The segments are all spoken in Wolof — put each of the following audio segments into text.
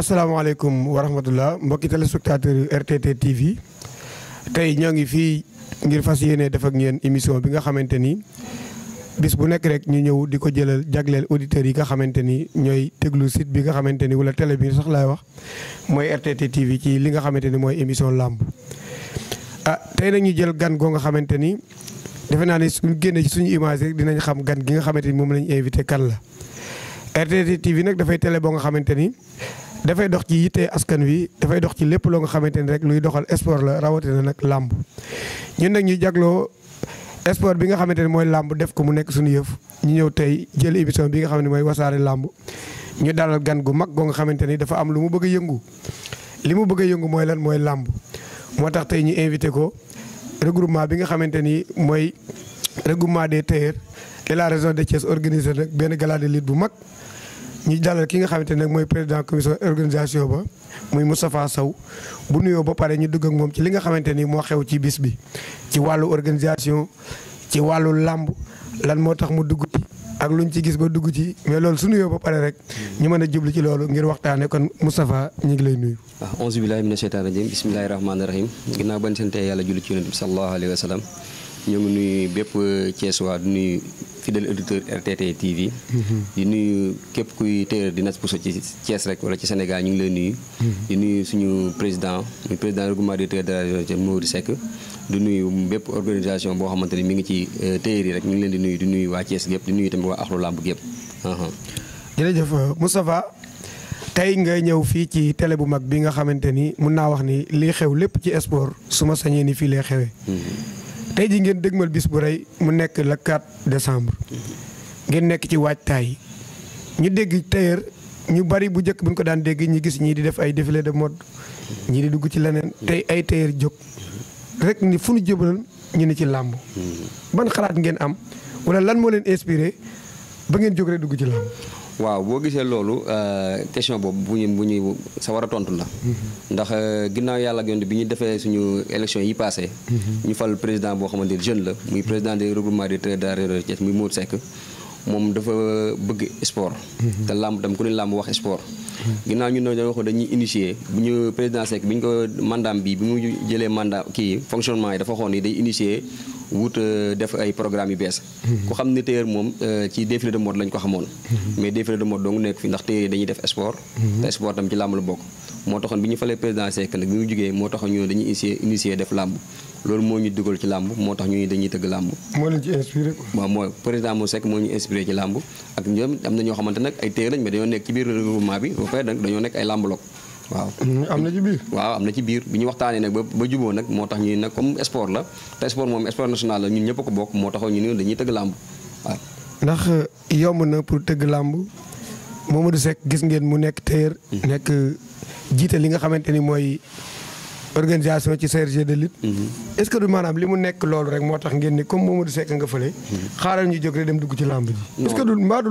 asalaamaaleykum wa rahmatullah mbokki téléspectateur yu RTT TV tey ñoo ngi fii ngir fas yéene def ak ñeen émission bi nga xamante ni bis bu nekk rek ñu ñëw di ko jëlal jagleel auditeurs yi nga xamante ni ñooy déglu site bi nga xamante ni wala télé bi sax laay wax mooy RTT TV ci li nga xamante ni mooy émission làmb ah tey nag ñu jël gan goo nga xamante ni defe naa ne suñu génnee suñu image dinañ xam gan gi nga xamante ni moom lañu invité kan la RTT TV nag dafay télé boo nga xamante ni dafay dox ci yitte askan wi dafay dox ci lépp loo nga xamante ni rek luy doxal sport la rawatina nag làmb ñun nag ñu jagloo sport bi nga xamante ne mooy làmb def ko mu nekk suñu yëf ñu ñëw tey jël émission bi nga xam ne mooy wasaare làmb ñu dalal gan gu mag goo nga xamante ni dafa am lu mu bëgg yëngu li mu bëgg yëngu mooy lan mooy làmb moo tax tey ñu invité ko regroupement bi nga xamante ni mooy regroupement des tailleurs de la région de Thiès organisé nag benn gala de lutte bu mag ñu dalal ki nga xamante ne nag mooy président commission organisation ba muy mustapha saw bu nuyoo ba pare ñu dugg ak moom ci li nga xamante ni moo xew ci bis bi ci wàllu organisation ci wàllu làmb lan moo tax mu dugg ci ak luñ ci gis ba dugg ci mais loolu su nuyoo ba pare rek ñu mën a jublu ci loolu ngir waxtaane kon Moustapha ñu ngi lay nuyu waaw onze billahi mina sheytaan rajim bismillahi rahmaani rahim ginnaaw bañ sante yàlla julli ci yonent bi sallallahu alayhi wa ñoo ngi nuyu bépp cees Thiessois di nuyu fidèle auditeur RTT TV. di nuyu képp kuy téere di nas puso ci cees rek wala ci Sénégal ñu ngi lay nuyu. di nuyu suñu président ñu président regroupement des téere de la région nuyu bépp organisation boo xamante ni mi ngi ci euh, téere yi rek ñu ngi leen di nuyu di nuyu waa Thiès gépp di nuyu tamit waa Axlu Làmb gépp. jërëjëf euh, Moustapha tey ngay ñëw fii ci télé bu mag bi nga xamante ni mun naa wax ni lii xew lépp ci sport su ma sañee ni fii lay xewee. Mhm. tey ji ngeen dëgmal bis bu rey mu nekk le 4 décembre ngeen nekk ci waaj waajtaay ñu dégg tailleur ñu bari bu njëkk bu ñu ko daan dégg ñu gis ñii di def ay défilé de mode ñii di dugg ci leneen tey ay tailleur jóg rek ni fu ñu jëbalal ñu ni ci làmb hmm. ban xalaat ngeen am wala lan moo leen inspiré ba ngeen jóg rek dugg ci làmb waaw boo gisee loolu euh, question boobu bu ñu bu ñuy sa war a tontu la. Mm-hmm. ndax euh, ginnaaw yàlla ak bi ñu defee suñu élection yi passé mm-hmm. ñu fal président boo xamante ni jeune la muy président des regroupements des traders de Thiès muy Modou Seck moom dafa bëgg sport. Mm-hmm. te làmb tam ku ne làmb wax sport. ginnaaw ñu ne dañoo wax dañuy initier bu ñu président Seck bi ñu ko mandaam bi bi mu jëlee mandat kii fonctionnement yi dafa xoon ni day initier. wut euh, def ay programme yu bees mhm. ku xam ne téyër moom euh, ci défilé de mode lañ ko xamoon mhm. mais défilé de mode dong nekk fi ndax téyër dañuy def sport mhm. te sport tam ci làmb la bokk moo taxoon bi ñu falee président Seck nag bi mu jógee moo taxoon ñu dañuy initier def làmb loolu moo ñu dugal ci làmb moo tax ñu ne dañuy tëgg làmb moo leen ci inspiré waaw mooy président mo Seck moo ñu inspiré ci làmb ak ñoom am na ñoo xamante nag ay téyër lañ mais dañoo nekk dañoo nekk waaw. Mm, am na ci biir. waaw am na ci biir bi ñu waxtaanee nag ba ba juboo nag moo tax ñu nag comme sport la te sport moom sport national la ñu ñëpp ko bokk moo taxoon ñu ne dañuy tëgg làmb waaw. ndax eh, yomb na pour tëgg làmb Mamadou Seck gis ngeen mu nekk téer mm. nekk jiite li nga xamante ni mooy. organisation ci CRG de lutte. Mhm. est ce que du maanaam li mu nekk loolu rek moo tax ngeen ni comme Momadou Seck nga fële. Mhm. xaaral ñu jóg rek dem dugg ci làmb ji. est mhm. nekk. ci làmb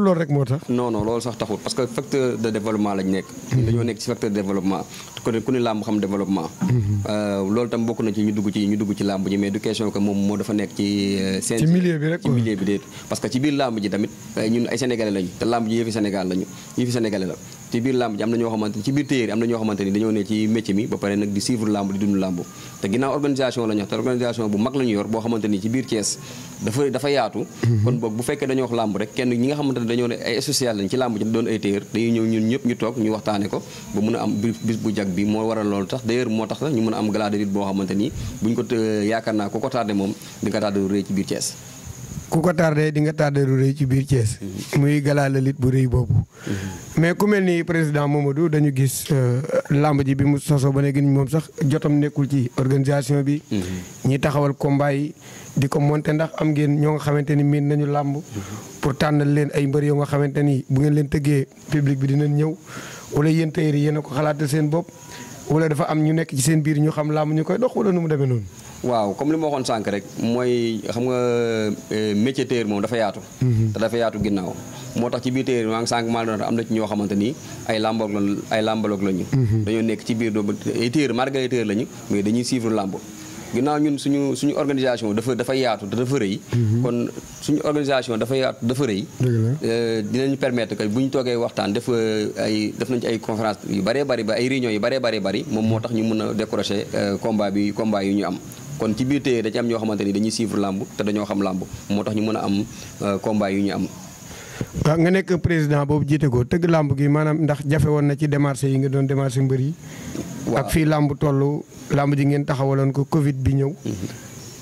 euh, dugg ci ñu dugg ci làmb ji mais du question que moom moo dafa nekk ci. Euh, ci bi rek parce que ci biir làmb ji tamit euh, ay sénégalais lañu te làmb ji yëfi Sénégal lañu yëfi sénégalais la ci biir làmb di dund làmb te ginnaaw organisation la ñu wax te organisation bu mag la ñu yor boo xamante ni ci biir Thiès dafa dafa yaatu mhm. kon boog bu fekkee dañoo wax làmb rek kenn ñi nga xamante ne dañoo ne ay social lañ ci làmb ci doon ay téer dañuy ñëw ñun ñëpp ñu toog ñu waxtaane ko ba mun a am bis bu jag bi moo waral loolu tax d'ailleurs moo tax la ñu mën a am gala de lutte boo xamante ni buñ ko yaakaar naa ku ko tardé moom di nga tardé rëy ci biir Thiès ku ko tardé di nga tardé rëy ci biir Thiès. muy galaa lit bu rëy boobu. mais ku mel ni président Momadou dañu gis euh, làmb ji bi mu sosoo ba léegi moom sax jotam nekkul ci organisation bi. ñi taxawal combat yi di ko monte ndax am ngeen ñoo nga xamante ni miin nañu làmb. pour tànnal leen ay mbër yoo nga xamante ni bu ngeen leen tëggee public bi dinañ ñëw wala yéen tëyër yéen ko xalaatal seen bopp wala dafa am ñu nekk ci seen biir ñu xam làmb ñu koy dox wala nu mu demee noonu. waaw comme li ma waxoon sànq rek mooy xam nga euh, métier téer moom dafa yaatu mhm. te dafa yaatu ginnaaw moo tax ci biir téer maa ngi sànq am na ci ñoo xamante ni ay làmbaloog ay làmbaloog la ñu mhm. dañoo nekk ci biir doomu ay téer marga téer la ñu mais dañuy suivre làmb ginnaaw ñun suñu suñu organisation dafa dafa yaatu te dafa rëy mhm. kon suñu organisation dafa yaatu dafa rëy euh, dinañu permettre que bu ñu toogee waxtaan dafa euh, ay def nañ ci ay conférence yu bëree bëri ba ay réunions yu bëree bëri bëri moom moo tax ñu mën a décrocher combat bi combat yu ñu am kon ci biir téye da am ñoo xamante ni dañuy suivre làmb te dañoo xam làmb moo tax ñu mën a am euh, combat yu ñu am. waaw nga nekk président boobu jiite ko tëgg làmb gi maanaam ndax jafe woon na ci démarché yi nga doon démarché mbër yi. ak fii làmb tollu làmb ji ngeen taxawaloon ko Covid bi ñëw. Mm-hmm.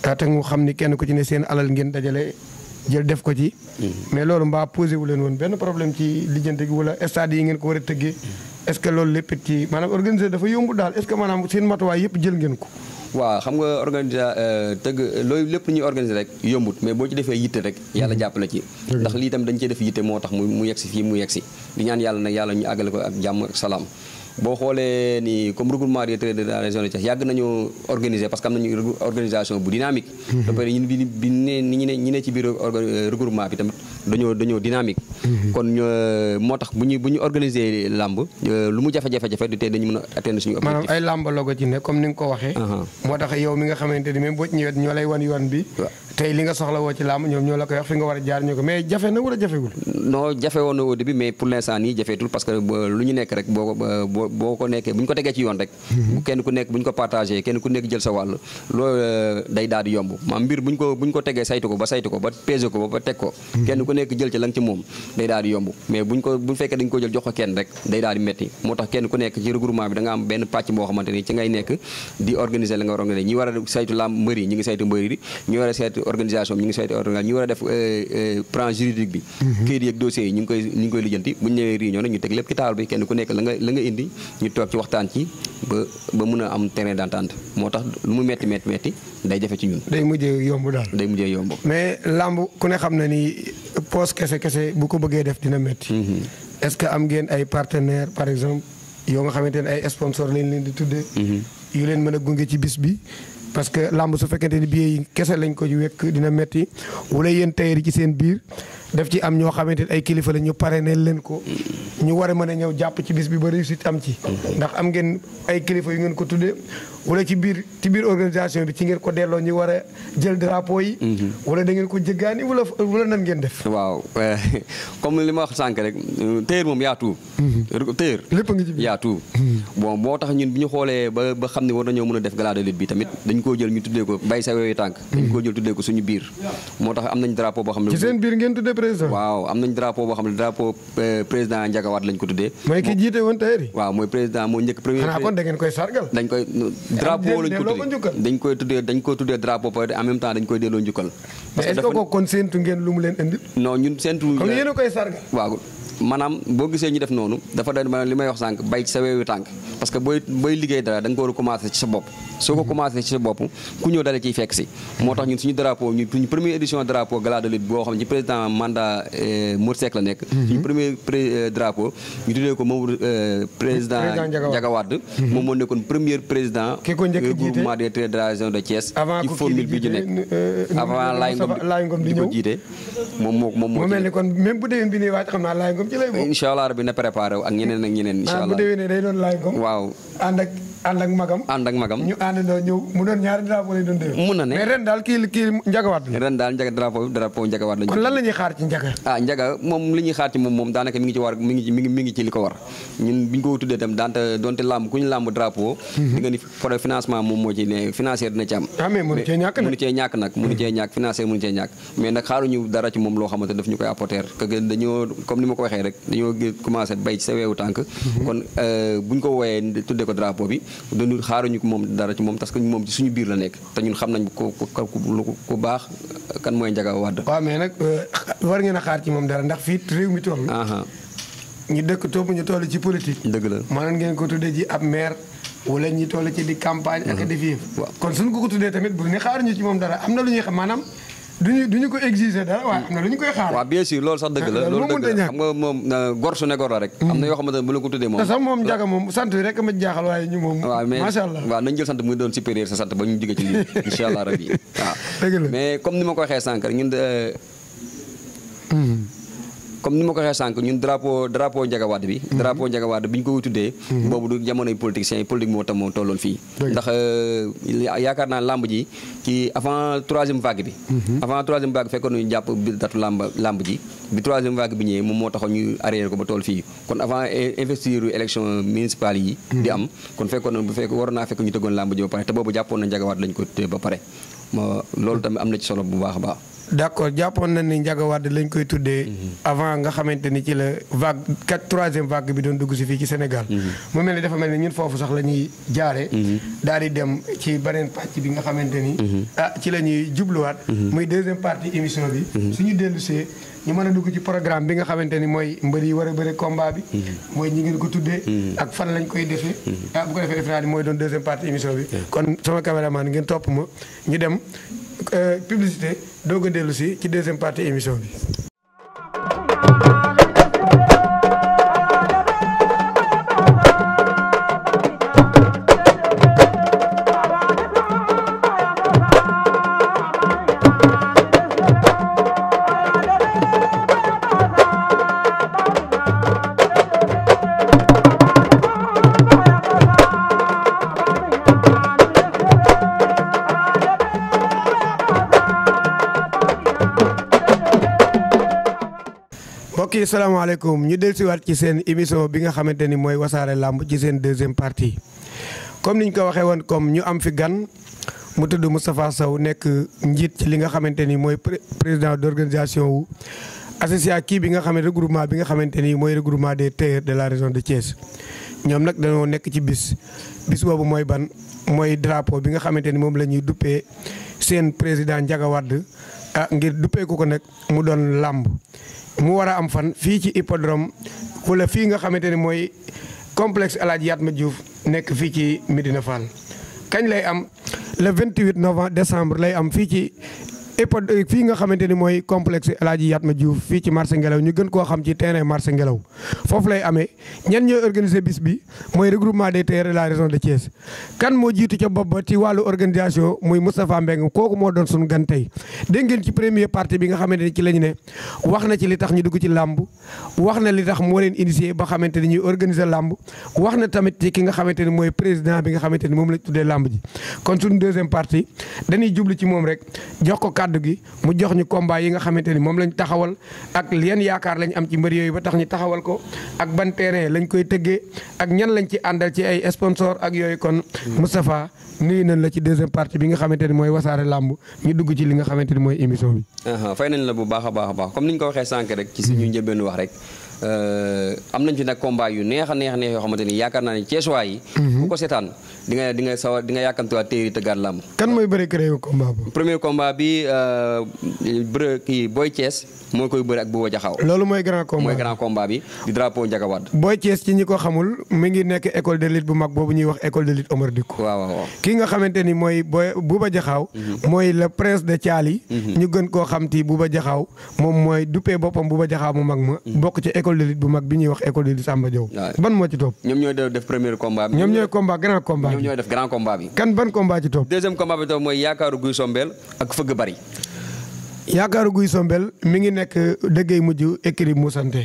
Ah, te mu xam ni kenn ku ci ne seen alal ngeen dajale jël def ko ci. Mm-hmm. mais loolu mbaa posé wu leen woon benn problème ci lijjante gi wala stade yi ngeen ko war a tëggee. Mm-hmm. est-ce que loolu lépp ci maanaam organisé dafa yomb daal est matuwaay yëpp jël ngeen waaw xam nga organiser euh, tëgg loolu lépp lu ñuy organiser rek yombut mais boo ci defee yitte rek yàlla mhm. jàppale ci ndax lii tam dañ cee def yitte moo tax mu mu yegsi fii mu yegsi di ñaan yàlla nag yàlla ñu àggale ko ak jàmm ak salaam boo xoolee ni comme regroupement des traiteurs de yàgg nañu organiser parce que am nañu organisation bu dynamique mhm. ba pare ñun bi bi ne ñi ne ñi ne ci biir euh, regroupement bi tamit dañoo dañoo dynamique. Mhm. kon euh, moo tax bu ñuy bu ñu organiser làmb euh, lu mu jafe-jafe jafe du tee dañu mën a atteindre suñu objectif. maanaam ay làmb logo ci ne comme ni nga ko waxee. moo tax yow mi nga xamante ni même boo ci ñëwee ñoo lay wan yoon bi. tey li nga soxla woo ci làmb ñoom ñoo la koy wax fi nga war a jaar ñu ko mais jafe na wala jafewul non jafe woon na au début mais pour l'instant nii jafeetul parce euh, nekk rek ko euh, boo ko nekkee bu ñu ko tegee ci yoon rek kenn ku nekk bu ñu ko jël euh, bu ñu ko bu ñu ko tegee ba saytu ko ba ko ba teg ko kenn ci la ci moom day daal di yomb mais bu ñu ko bu ñu fekkee ko jël jox ko kenn rek day daal di metti moo tax kenn ku nekk ci regroupement bi da nga am benn pàcc boo xamante ci ngay nekk di organiser la nga war a organiser ñi war a saytu làmb mbëri ñi ngi saytu mbëri ñi war a saytu organisation bi ñu ngi saytu organisation ñu war a def euh, euh, plan juridique bi mhm. këyit yi ñu ngi koy ñu ngi koy lijjanti bu ñu ñëwee réunion nag ñu teg lépp ci taal bi kenn ku nekk la nga indi ñu toog ci waxtaan ci ba ba mun a am terrain d'entente moo tax lu mu metti metti metti day defe ci ñun day mujjee yomb daal day mujjee yomb mais làmb ku ne xam na ni poos kese kese bu ko bëggee def dina metti mhm. est-ce que am ngeen ay partenaire par exemple yoo nga xamante ne ay sponsor leen di tuddee mhm. yu leen mën a gunge ci bis bi parce que làmb su fekkente ni billets yi kese lañ ko wekk dina metti wala yéen tailleur yi ci seen biir daf ci am ñoo xamante ay kilifa la ñu pare ne leen ko ñu war a mën a ñëw jàpp ci bis bi ba réussite am ci. Mm-hmm. ndax am ngeen ay kilifa yu ngeen ko tuddee wala ci biir ci biir organisation bi ci ngeen ko delloo ñu war a jël drapeau yi. Mhm. wala da ngeen ko jéggaani wala wala nan ngeen def. waaw comme li ma wax sànq rek téer moom yaatu. Mhm. téer lépp nga ci biir mhm. moo tax ñun bi ñu xoolee ba ba xam ne war nañoo mën a def gala bi tamit dañ koo jël ñu tuddee ko bay sa yooyu tànk. dañ suñu biir. moo tax am nañ drapeau boo xam ne. seen biir ngeen tuddee président. waaw am xam ne drapeau euh, président Ndiaga Wade lañ ko tuddee. mooy ki jiite woon téer yi. waaw mooy président moo njëkk premier. xanaa kon da ngeen koy sargal dañ koy drapeau lañ ko tuddee dañ koy tuddee dañ koy tuddee drapeau peut en même temps dañ koy delloo njukkal. parce que kon séentu ngeen lu mu leen indi. non ñun séentu. comme yéen a koy sargal waaw. maanaam boo gisee ñu def noonu dafa doon maanaam li may wax sànq bay ci sa weewu tànk parce que booy booy liggéey dara da ko war commencer ci sa bopp soo ko commencé ci sa bopp ku ñëw dale ciy fekk si moo tax ñun suñu drapeau ñu suñu première édition drapeau gala de lutte boo xam ne ci président mandat euh, Modou Seck la nekk mhm. suñu premier euh, drapeau ñu tuddee ko moom euh, président Jagawad mhm. moom moo nekkoon premier président groupement des traits de la région de Thiès ci formule bi ñu nekk avant laay ngom di ko jiite moom moo moom moo mel ni kon même bu déwén bi nii waaj xam naa laay ngom ci lay bokk incha allah rabbi na préparé wu ak ñeneen ak ñeneen incha ah, allah bu ànd ak magam ànd ak magam ñu àndandoo ñëw mu doon ñaari drapeau lay doon déwén. mun na ne mais ren daal kii kii njagawaat la. ren daal njaga drapeau drapeau njagawaat lañu. kon lan la ñuy xaar ci njaga. Ah, moom li ñuy xaar ci moom moom daanaka mi ngi ci war mi ngi ci mi ngi mi ngi ci li ko war ñun bi ñu ko tuddee ku ñu làmb drapeau. Mhm. di nga financement moom moo ci ne financier dina ci am. ah mais mënu cee ñàkk nag mënu cee ñàkk nag mënu cee ñàkk financier mënu cee ñàkk mais nag xaaruñu dara ci moom loo xamante daf ñu koy apporter que dañoo comme ni ma ko waxee rek dañoo commencé bay ci sa weewu tànk mhm. kon euh, buñ ko wooyee tudde ko drapeau bi dañu xaaruñu ko moom dara ci moom parce que moom ci suñu biir la nekk te ñun xam nañ ko ku baax kan mooy Ndiaga Wade. waaw mais nag euh, war ngeen a xaar ci moom dara ndax fii réew mi toll. ñu dëkk topp ñu toll ci politique. dëgg la mënoon ngeen ko tuddee ji ab maire. wala ñi toll ci di campagne. ak a def kon suñ ko ko tuddee tamit bu ne xaaruñu ci moom dara am na lu ñuy xam duñu ñu ko exiger dara waaye mm. am na lu ñu koy xaar waaw bien sûr loolu sax dëgg la loolu dëgg la xam nga moom euh, gor su ne la rek mm. am na yoo xamante ne bu la ko tuddee moom sax moom jaga moom sant bi rek ma jaaxal waaye ñu moom waaw allah waaw nañ jël sant muy doon supérieur sa sant ba ñu jóge ci lii mais comme ni ma ko waxee sànq ñun mm-hmm. comme ni ma ko waxee sànq ñun drapeau drapeau Ndiaga bi mhm. drapeau Ndiaga bi ñu ko tuddee mhm. boobu du jamonoy politiciens yi politique moo tam moo tolloon fii ndax euh, yaakaar naa lamb ji ci avant troisième vague bi mhm. avant troisième vague fekkoon ñu jàpp bi datu lamb lamb ji bi troisième moom moo taxoon ñu arrière ko ba tool fii kon avant investir élection municipale yi di am kon fekkoon na bu fekk waroon naa fekk ñu tëggoon lamb ji ba pare te boobu jàppoon na Ndiaga Wade lañ ko tuddee ba pare loolu tamit am na ci solo bu baax a baax d' accord jàppoon na ni Ndiaga Wade lañ koy tuddee. Mhm. avant nga xamante ni ci la vague quatre troisième vague bi doon dugg si fii ci Sénégal. Mhm. mu mel ni dafa mel ni ñun foofu sax la ñuy jaare mhm. daal di dem ci beneen pàcc bi nga xamante ni. ah ci la ñuy jubluwaat. muy deuxième partie émission bi. suñu dellusee ñu mën a dugg ci programme bi nga xamante ni mooy mbër yi war a bëre combat bi. mooy ñi ngeen ko tuddee. ak fan lañ koy defee. ah bu ko defee defe naa ni mooy doon deuxième partie émission bi. kon sama caméraman ngeen topp ma ñu dem. Euh, publicité doog a dellu si ci deuxième partie émission bi. mbokk yi salaamaaleykum ñu dellusiwaat ci seen émission bi nga xamante ni mooy wasaare làmb ci seen deuxième partie comme niñ ko waxee woon comme ñu am fi gan mu tudd Moustapha Sow nekk njiit ci li nga xamante ni mooy président d'organisation wu association kii bi nga xamante regroupement bi nga xamante ni mooy regroupement de tailleurs de la région de Thiès ñoom nag dañoo nekk ci bis bis boobu mooy ban mooy drapeau bi nga xamante ni moom la ñuy duppee seen président Ndiaga ah ngir duppee ko ko nag mu doon làmb mu war a am fan fii ci hippodrome wala fii nga xamante ni mooy complexe El yaat Yatma Diouf nekk fii ci Medina Fall kañ lay am le 28 novembre décembre lay am fii ci EPO euh, fii nga xamante ni mooy complexe El Hadji Yatma Diouf fii ci marché Ngelaw ñu gën koo xam ci terrain marché Ngelaw foofu lay amee ñenn ñooy organiser bis bi mooy regroupement des terres de la région de Thiès. kan moo jiitu ca bopp ba ci wàllu organisation muy Moustapha Mbeng kooku moo doon suñu gan tey dégg ngeen ci première parti bi nga xamante ni ci lañu ne wax na ci li tax ñu dugg ci làmb wax na li tax moo leen initié ba xamante ni ñuy organiser làmb wax na tamit ki nga xamante ni mooy président bi nga xamante ni moom la tuddee làmb ji kon suñu deuxième partie dañuy jublu ci moom rek kàddu mu jox ñu combat yi nga xamante ni moom lañ taxawal ak yenn yaakaar lañ am ci mbër yooyu ba tax ñu taxawal ko ak ban terrain lañ koy tëggee ak ñan lañ ci àndal ci ay sponsor ak yooyu kon Moustapha nuyu nañ la ci deuxième partie bi nga xamante ni mooy wasaare làmb ñu dugg ci li nga xamante ni mooy émission bi fay nañ la bu baax a baax a baax comme niñ ko waxee sànq rek ci suñu mm-hmm. njëbeen wax rek am nañ ci nag combat yu neex a neex neex yoo xamante ni yaakaar naa ne ceesuwaa yi. bu mhm. ko seetaan di nga di nga sawar di nga yàkkamtuwaat téeri tëggaat làmb. kan mooy bëri créé euh, kii Boy Thiès moo koy bëri ak Bouba Diakhao. loolu mooy grand combat mooy grand bi di drapeau Ndiaga Wade. Boy ci ñi ko xamul mu ngi nekk école de lutte bu mag boobu ñuy wax école de lutte Omar Dickou. waaw waaw ki nga xamante ni mooy Boy Bouba Diakhao. Mhm. mooy le prince de Thiali. Mhm. ñu gën koo xam ti Bouba Diakhao moom mooy duppee boppam Bouba Diakhao mu ma bokk ci école de lutte bu mag bi ñuy wax école de lutte Samba Diaw. ban moo ci topp. ñoom ñooy def premier combat bi. ñoom ñooy combat grand combat bi. ñoom ñooy def grand combat bi. kan ban combat ci topp. deuxième combat bi topp mooy yaakaaru guy sombeel ak fëgg bari. yaakaaru guy sombel mi ngi nekk dëggey mujj écrit mu sante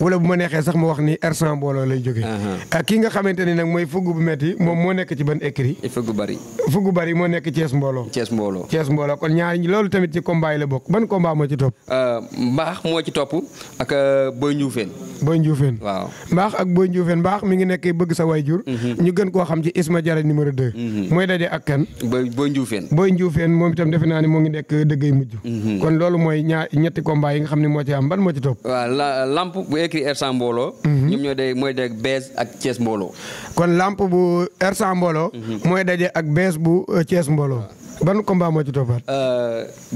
wala bu ma neexee sax ma wax ni R100 mbooloo lay jóge ah, kii nga xamante ni nag mooy fugg bu metti moom moo nekk ci ban écrit eh, fugg bari fugg bari moo nekk Thiès mbooloo Thiès mbooloo Thiès mbooloo kon ñaar loolu tamit ci combat yi la bokk ban combat moo ci topp euh, mbaax moo ci topp ak euh, Boy Ndioufène Boy Ndioufène waaw mbaax ak Boy Ndioufène mbaax mi ngi nekk bëgg sa jur mhm. ñu gën koo xam ci Isma jara numéro 2 mhm. mooy daje ak kan Boy Ndioufène Boy Ndioufène moom itam defe naa ne moo ngi nekk dëggey mujj mhm. kon loolu mooy ñaar ñetti combat yi nga xam ni moo ci am ban moo ci topp. la lamp bu écrit R100 mbooloo. Mhm. ñoom ñoo day mooy daje bees ak Thiès mbooloo. kon làmp bu r mbooloo. Mhm. mooy daje ak bees bu euh, Thiès mbooloo. ban combat moo ci toppaat.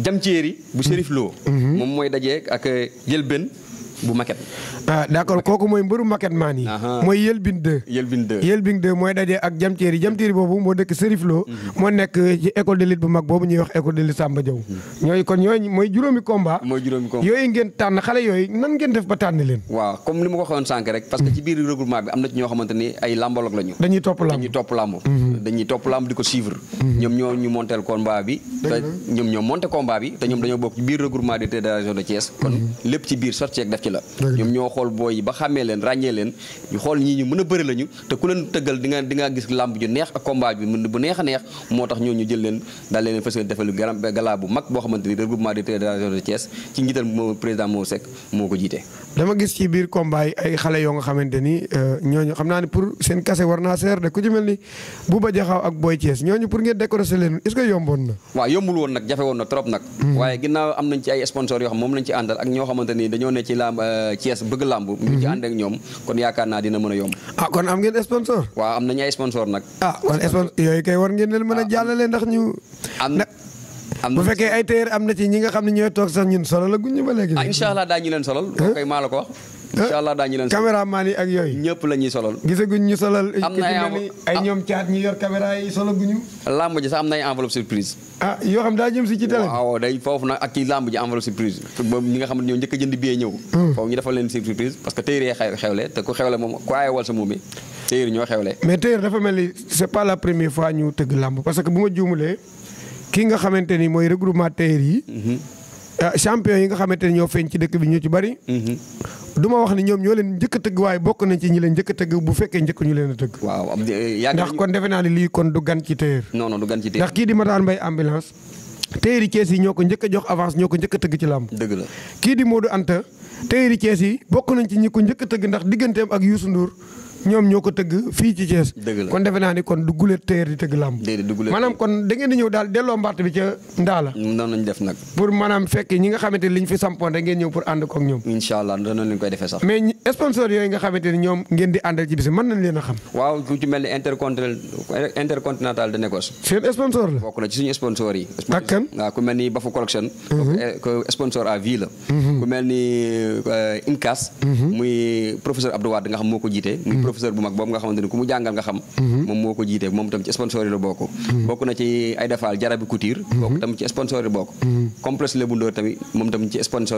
jam euh, ceeri bu Serif Lo. Mhm. moom mooy daje ak jël euh, bu maquette. ah d'accord kooku mooy mbëru maquette maan yi. mooy Yelbin daje ak jamteeri jamteeri boobu moo dëkk Serif Lo. Mhm. moo nekk ci école de lutte bu mag boobu ñuy wax école de lutte Samba Diaw. Mhm. ñooy kon ñooy mooy yooyu ngeen tànn def ba tànn leen. waaw comme ni ma ko waxoon sànq rek. parce que ci biir mhm. regroupement bi am na ci ñoo xamante ni ay lambologue lañu. bi. te ñoom ñoo monté combat bi te ñoom dañoo bokk ci biir regroupement ci ak def ci la ñoom ñoo xool booy yi ba xàmmee leen ràññee leen ñu xool ñii ñu mën a bëri lañu te ku leen tëggal di nga di nga gis làmb ju neex ak combat bi mën bu neex a neex moo tax ñoo ñu jël leen daal leen fas yéene defal gala bu mag boo xamante ni de des télévisions de Thiès ci njiital président Mo Seck moo ko jiite dama gis ci biir combat yi ay xale yoo nga xamante ni euh, ñooñu xam naa ne pour seen kase war naa seer de ku ci mel ni Bouba Jaxaw ak Boy Thiès ñooñu pour ngeen décrocher leen est-ce que yomboon na. waaw yombul woon nag jafe woon na trop nag. Hmm. waaye ginnaaw am nañ ci ay sponsors yoo xam moom lañ ci àndal ak ñoo xamante ni dañoo ne ci làmb euh, Thiès bëgg làmb. ñu ci hmm. ànd ak ñoom kon yaakaar naa dina mën a yomb. ah kon am ngeen sponsor. waaw am nañu ay sponsor ah, ah, na a am bu fekkee ay téer am na ci ñi nga xam ne ñooy toog sax ñun solo la guñu ba léegi. ah incha allah daañu leen solal. kooku kay maa ko yooyu. ñëpp la ñuy solal. gisaguñ ñu solal. am na yi enveloppe surprise. ah yoo xam daa jëm si ci télé. foofu nag ak ci làmb ji enveloppe surprise. ñi nga xam ne ñoo njëkk a jënd billet ñëw. Hmm. foofu ñu defal leen surprise parce que téere xew xewle te ku xewle moom ku aaye wal sa muumi téere ñoo xewle. mais téere dafa mel ni c'est pas la première fois ñu tëgg làmb parce kii nga xamante ni mooy regroupement tailleur yi. Mhm. Ah, champion yi nga xamante ni ñoo feeñ ci dëkk bi ñu ci bari. Mhm. du ma wax ni ñoom ñoo leen njëkk tëgg waaye bokk nañ ci ñi leen njëkk a tëgg bu fekkee njëkk ñu leen a tëgg. waaw eh, ndax kon defe naa ne lii kon du gan ci tailleur. non non gan ci tailleur ndax kii di Matar Mbaye ambulance. tailleur yi Cees yi ñoo ko njëkk jox avance ñoo ko njëkk tëgg ci làmb. dëgg la kii di Modou Anta tailleur yi Cees yi bokk nañ ci ñi ko njëkk tëgg ndax digganteem ak Youssou Ndour ñoom ñoo ko tëgg fii ci Thiès. kon defe naa ni kon du gulet téer di tëgg làmb. maanaam kon da ngeen di ñëw daal delloo mbaat bi ca Ndaala. noonu lañ def nag. pour maanaam fekk ñi nga xamante ni liñ fi sampoon rek ngeen ñëw pour ànd koog ñoom. incha a xam. Mhm. Eh, mhm. euh, Incas. Mhm. muy professeur Abdou nga xam moo ko jiite. professeur bu mag boobu nga xamante ku mu jàngal nga xam mhm. moom moo ko jiite moom tam ci sponsor yi la bokk mhm. bokk na ci ay defaal jarabi couture mhm. bokk tamit ci sponsor yi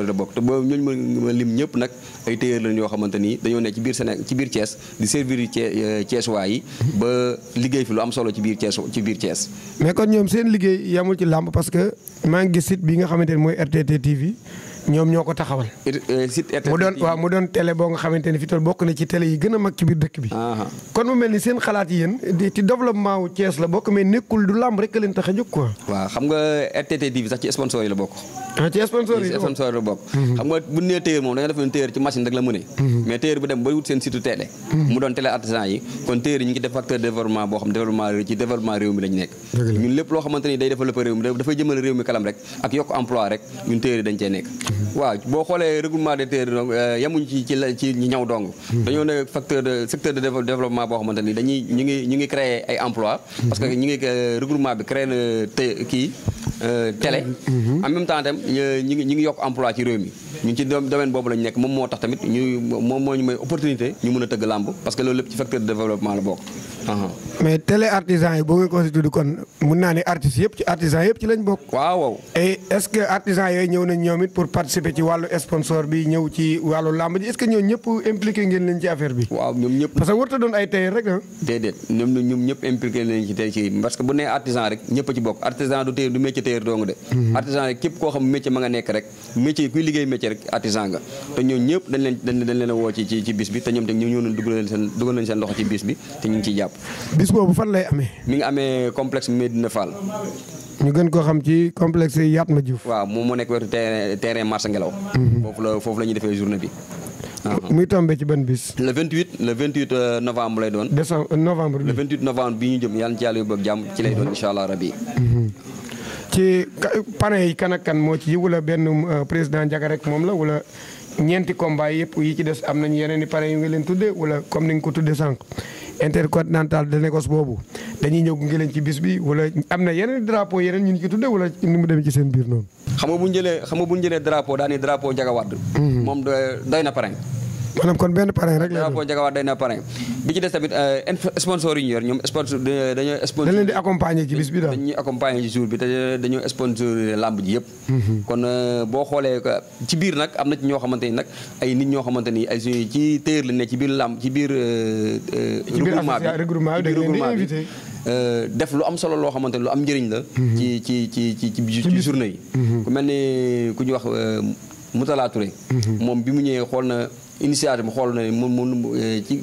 la bokk te boobu ñooñu ma lim ñëpp nag ay téyër lañ yoo xamante ni dañoo ci biir Sénégal di servir euh, yi Thièsuwaay yi ba liggéey fi lu am solo ci biir Thiès ci kon ñoom seen liggéey yamul ci làmb parce maa ngi gis site bi nga xamante mooy RTT TV ñoom ñoo ko taxawal. Eh, mu doon waa mu doon tele boo nga xamante ne fi tool bokk na ci tele yi gën a mag ci biir dëkk bi. kon mu mel ni seen xalaat yéen ci développement wu Thiès la bokk mais nekkul du làmb rek a leen tax a jóg quoi. waaw xam nga RTT TV sax ci sponsor yi la bokk. Ah, ci sponsor yi sponsor mhm. xam nga bu nee téyër moom da nga def téyër ci machine rek la mënee mhm. mais téyër bu dem ba wut seen site télé mhm. mu doon télé artisan yi kon téyër ñu ngi def euh, facteur de développement boo xamante dañuy ñu ngi ñu ay emploi parce que ñu ngi euh, regroupement bi créé kii euh, télé en même temps ñi ngi ñi ngi yokk emploi ci réew mi ñun ci domaine boobu lañu nekk moom moo tax tamit ñu moom moo ñu may opportunité ñu mën a tëgg làmb parce que loolu lépp ci facteur de la bokk Uh-huh. mais télé artisan yi boo nga ko si tudd kon mun naa ne artistes yëpp ci artisan yëpp ci lañ bokk. waaw waaw et est ce que artisan yooyu ñëw nañ ñoom it pour participer ci wàllu sponsor bi ñëw ci wàllu làmb ji est ce que ñoom ñëpp impliqué ngeen leen ci affaire bi. waaw ñoom ñëpp parce que warut a doon ay tey rek ah. déedéet ñoom ñoom ñëpp impliqué leen ci tey ci parce que bu nee artisan rek ñëpp a ci bokk artisan du téye du métier téye dong de. Mhm. artisan rek képp koo xam métier ma nga nekk rek métier kuy liggéey métier rek artisan nga te ñoom ñëpp dañ leen dañ leen a woo ci ci bis bi te ñoom te ñoom ñoo doon dugal nañ seen loxo ci bis bi te ñu ngi ciy jàpp jàpp bis boobu fan lay amee. mi ngi amee complexe Medina Fall. ñu gën koo xam ci complexe Yatma Diouf. waaw moom moo nekk wetu terrain terrain marché ngelaw. Mhm. foofu la foofu la ñuy defee journée bi. Uh-huh. muy tombee ci ban bis. le 28 le 28 euh, novembre lay doon. décembre euh, novembre bi le 28 novembre bi ñu jëm yàlla na ci yàlla yóbbu ak jàmm ci lay doon mhm. incha allah rabi. Mhm. ci panel yi kan ak kan moo ci wala benn euh, président Ndiaga rek moom la wala ñeenti combat yëpp yi ci des am nañu yeneen i panel yu nga leen tuddee wala comme ni nga ko tuddee sànq. intercontinental de négoce boobu dañuy ñëw gunge leen ci bis bi wala am na yeneen drapeau yeneen ñu ngi ci tudde wala ni mu demee ci seen biir noonu. xam nga bu ñu jëlee xam nga bu ñu jëlee drapeau daal ni jagawaat Ndiaga Wade. Mhm. moom doy na pare. maanaam kon benn parrain rek la drapeau Ndiaga Wade day na parrain bi ci des tamit euh, sponsor yi ñu yor ñoom dañoo sponsor dañ ci ji yëpp mhm. kon euh, boo xoolee ci biir nag am na ci ñoo xamante ni nag ay nit ñoo xamante ni ay ci téer la ne ci biir làmb ci biir euh, regroupement bi regroupement def lu am solo loo xamante ni lu am njëriñ la mhm. ci ci ci ci ci journée yi mhm. ku mel ni ku ñu wax Moutala Touré moom bi mu ñëwee xool na initiative xool na ne mun mun eh, ci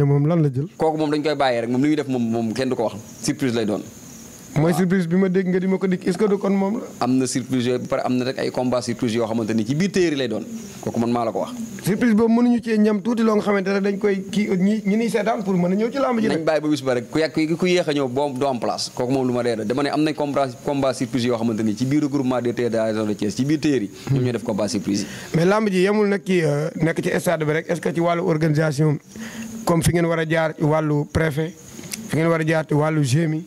ne lan la jël. kooku moom dañ koy bàyyee rek moom li muy def moom moom kenn du ko wax surprise lay doon. mooy surprise bi ma dégg nga di ma ko dikk est hmm. euh, bi rek est-ce que ci wàllu organisation comme fi ngeen war a jaar ci wàllu préfet fi ngeen war a jaar ci wàllu GMI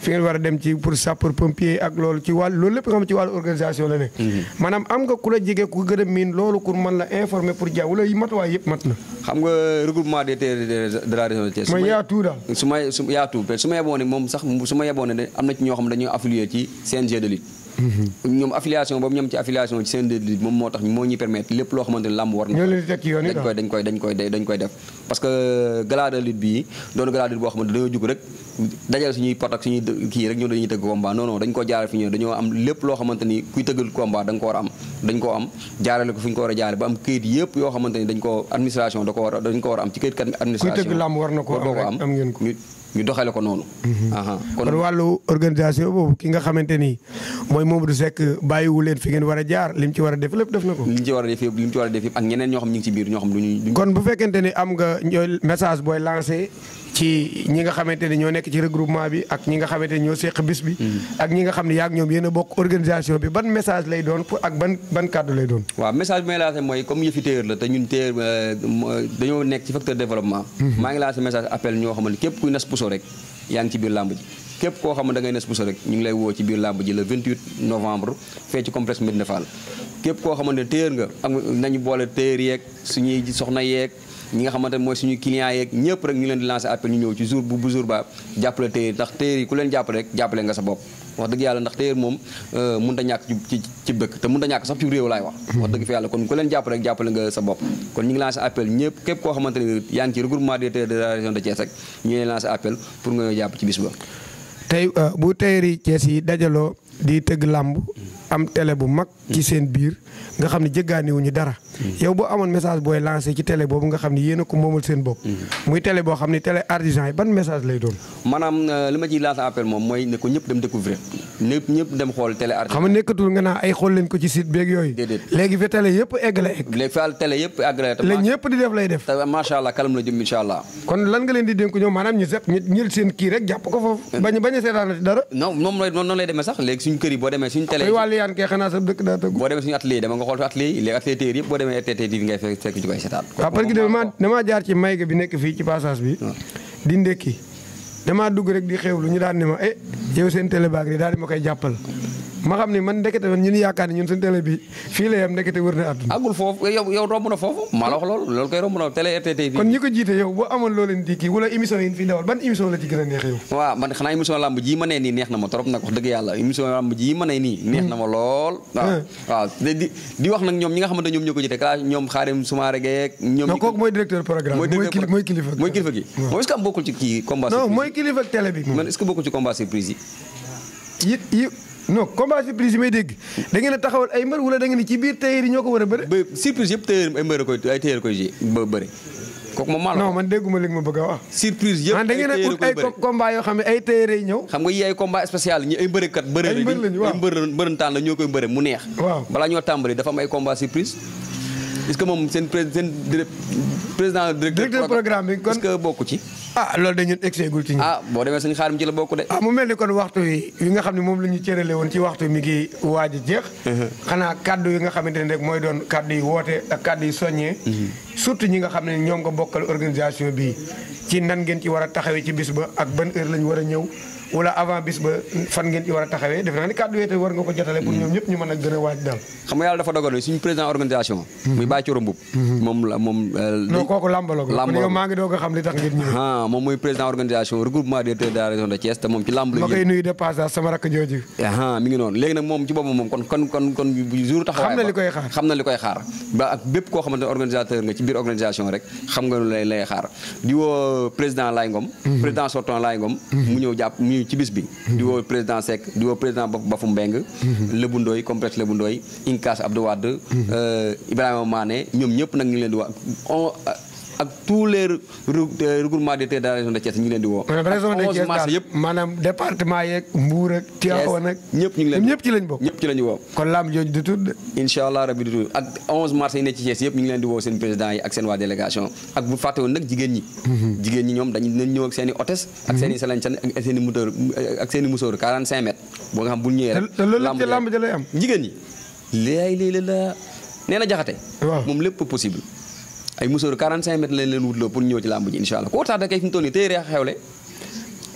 fi ngeen war a dem ci pour sapeur pompier ak loolu ci wàllu lépp nga xam ci wàllu organisation la ne. Mhm. maanaam am nga ku la jege ku gën a miin loolu pour man la informé pour jàpp wala yi matuwaay yëpp mat na. xam nga regroupement des terres de la région de Thiès. mooy yaatu daal su ma su ma yaatu su ma yeboon ne moom sax su ma yeboon ne am na ci ñoo xam dañoo affilié ci CNG de ñoom affiliation boobu ñoom ci affiliation ci seen déedéet moom moo tax moo ñuy permettre lépp loo xamante làmb war na ko am lépp ko fi ñu ko war a jaarale ba am këyit yëpp yoo xamante ni dañ ko administration da ko war am ci këyit kat administration kuy tëgg làmb war na ko am ñu doxale ko noonu. Mhm. kon wàllu organisation boobu ki nga xamante ni mooy Mamadou Seck bàyyiwu leen fi ngeen war a jaar lim ci war a def lépp def na ko. lim ci war a def yëpp lim ci war a def ñoo xam ñu ngi ci biir ñoo xam du ñu. kon bu fekkente ni am nga message booy lancé ci ñi nga xamante ne ñoo nekk ci regroupement bi ak ñi nga xamante ne ñoo seq bis bi. Mm-hmm. ak ñi nga xam ne yaa ñoom yéen bokk organisation bi ban message lay doon pour ak ban ban kàddu lay doon. waaw message bi may mooy comme yëfi téer la te ñun téer euh, dañoo nekk mm-hmm. maa ngi lancé message appel ñoo xam ne képp kuy nas puso rek yaa ngi ci biir làmb ji. képp koo xam ne da ngay rek ñu ngi lay woo ci biir làmb ji le 28 novembre fee ci complexe Medina Fall képp koo xamante ne téer nga am nañu boole téer yeeg suñuy soxna yeeg. ñi nga xamante ne mooy suñu clients yeeg ñëpp ñu leen di lancé appel ñu ñëw ci jour bu bu jour ba jàppale téer ndax téer yi ku leen jàppale rek nga sa bopp wax dëgg yàlla ndax téer moom euh, munu ta ñàkk ci ci dëkk te munu ta ñàkk sax ci réew laay wax hmm. wax dëgg fi yàlla kon ku leen jàppale rek nga sa bopp kon ñu ngi lancé appel ñëpp képp koo xamante ne yaa ngi ci regroupement des téer de la région de rek ñu leen lancé pour nga ñoo jàpp ci bis ba tey euh, bu téer yi Thiès yi dajaloo di tëgg làmb am tele bu mag ci hmm. seen biir nga xam ne jëggaaniwuñu dara Mm-hmm. yow boo amoon message booy lancé ci télé boobu nga xam ne yéen a ko moomal seen bopp mm-hmm. muy télé boo xam ne télé artisan yi ban message lay doon euh, moom lay def sax léegi suñu kër boo demee suñu télé yi dama nga xool fi atelier yi léegi atelier yëpp boo demee demee RTT TV ngay fekk fekk ñu damaa jaar ci mayga bi nekk fii ci passage bi. di ndekki damaa dugg rek di xewlu ñu daan ne ma eh yow seen télé baa ngi daal di ma koy jàppal. ma xam ni man ndekete man ñun yaakaar ni ñun suñu télé bi fii la yem ndekete wër na àdduna agul foofu foofu maa la wax yow boo ma nee nii neex na ma trop nag wax dëgg ñi nga xamante ñoom ñoo ko jiite mooy directeur hmm. télé bi man est-ce bokkul ci combat surprise yi non combat surprise yi may dégg da ngeen a taxawal ay mbër wala da ngeen ci biir tailleur yi ñoo ko war a bëri. surprise yëpp tailleur ay mbër koy koy ji ma bëgg a wax. surprise yëpp da ngeen a ut yoo xam ne ay tailleur yi ñëw. xam nga yi ay combat spécial ñi ay mbërëkat. bëree ay mbër ay mbër mbërëntaan la koy mbëre mu neex. waaw balaa ñoo tàmbali dafa am ay combat surprise. est-ce que moom seen président directeur programme bi kon que bokku ci ah loolu dañu egseegul ci ñu ah boo demee suñu xaarim ci la bokk de ah mu mel ni kon waxtu yi yi nga xam ne moom la ñu cërale woon ci waxtu mi ngi waaj a jeex uh-huh. xanaa kàddu yi nga xamante ne rek mooy doon kaddu yi woote ak kaddu yi soññee uh-huh. surtout ñi nga xam ne ñoom nga bokkal organisation bi ci nan ngeen ci war a taxawee ci bis ba ak ban heure lañ war a ñëw wala avant bis ba fan ngeen ci war a taxawee def naa ni nga ko jotale pour ñoom ñëpp ñu mën gën a waaj daal xam nga yàlla dafa dogal ne suñu président organisation mhm. muy Baye Thioro Mboup mhm. moom la kon kon kon kon jour taxawaay ba ak bépp koo xamante organisateur nga ci biir organisation rek xam nga lay lay xaar di président Laye Ngom mhm. président sortant Laye Ngom mu ñëw jàpp nuyu ci bis bi hmm. di woo président Seck di woo président Bafou Mbeng hmm. Lebu Ndoy complexe Lebu Ndoy Inkaas Abdou Wade hmm. euh, Ibrahima Mané ñoom ñëpp nag ñu leen di ak tous les euh, regroupements des terres de de Thiès ñu ngi leen di woo. région de Thiès département yeeg Mbour ak Tivaouane ak ñëpp ñu ngi leen ñëpp ci lañ bokk ñëpp ci lañ woo. kon laam jooju du tudd. incha allah rabi du tudd ak 11 mars yi nekk ci Thiès président yi ak seen waa délégation ak bu fàtte woon jigéen ñi. Mhm. jigéen ñi ñoom dañu dinañ ñëw ak seen i hôtesse. ak seen i mhm. salancan ak seen i moteur ak boo nga xam bu ñëwee rek. te lamb ja lay am jigéen ñi. léeg-léeg la ay musóor 45 mètres lañ leen wutloo pour ñëw ci làmb ji incha allah koo tax da kay fi mu toll nii téye reex xewle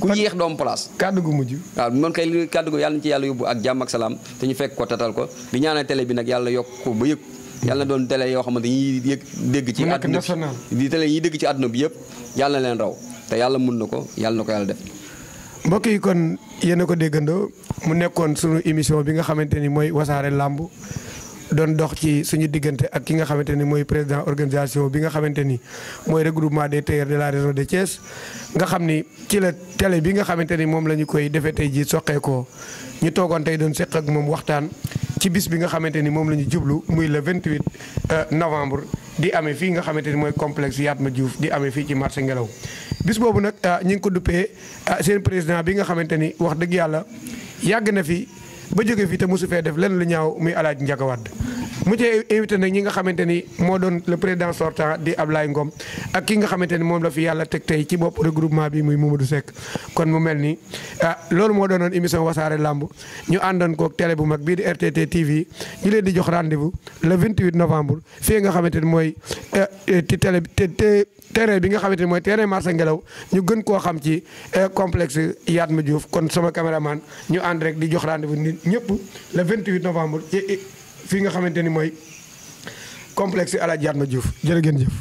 ku yéex doom place kàddu gu mujj waaw man kay kàddu gu yàlla na bi nag yàlla yokk ko doon télé yoo xamante ñi dégg ci àdduna bi yëpp yàlla leen raw te yàlla mun na ko yàlla def mbokk kon yéen a ko déggandoo mu nekkoon sunu émission bi nga xamante ni mooy wasaare làmb doon dox ci suñu diggante ak ki nga xamante ni mooy président organisation bi nga xamante ni mooy regroupement des tailleurs de la région de Thiès. nga xam ni ci la tele bi nga xamante ni moom la ñu koy defee tey jii soqeekoo ñu toogoon tey doon seq ak moom waxtaan ci bis bi nga xamante ni moom la ñu jublu muy le 28 euh, novembre. di amee fii nga xamante ni mooy complexe ma Diouf di ame fii ci marché Ngelaw bis boobu nag euh, ñu ngi ko duppee euh, seen président bi nga xamante ni wax dëgg yàlla yàgg na fi. ba jóge fi te mosu fee def lenn lu ñaaw muy alaaj njaga mu ci invité nag ñi nga xamante ni moo doon le président sortant di Ablaye Ngom ak ki nga xamante ni moom la fi yàlla teg tey ci bopp regroupement bi muy Mamadou sekk kon mu mel ni ah, loolu moo doonoon émission wasaare lamb ñu ànd àndoon koog télé bu mag bii di RTT TV ñu leen di jox rendez-vous le 28 novembre fii nga xamante ni mooy ci eh, eh, télé te terrain bi nga xamante ni mooy terrain marché ngelaw ñu gën koo xam ci eh, complexe Yatma Diouf kon sama caméraman ñu ànd rek di jox rendez-vous nit ñëpp le 28 novembre fii nga xamante ni mooy complexe El Hadj Atma Diouf jërë ngeen jëf.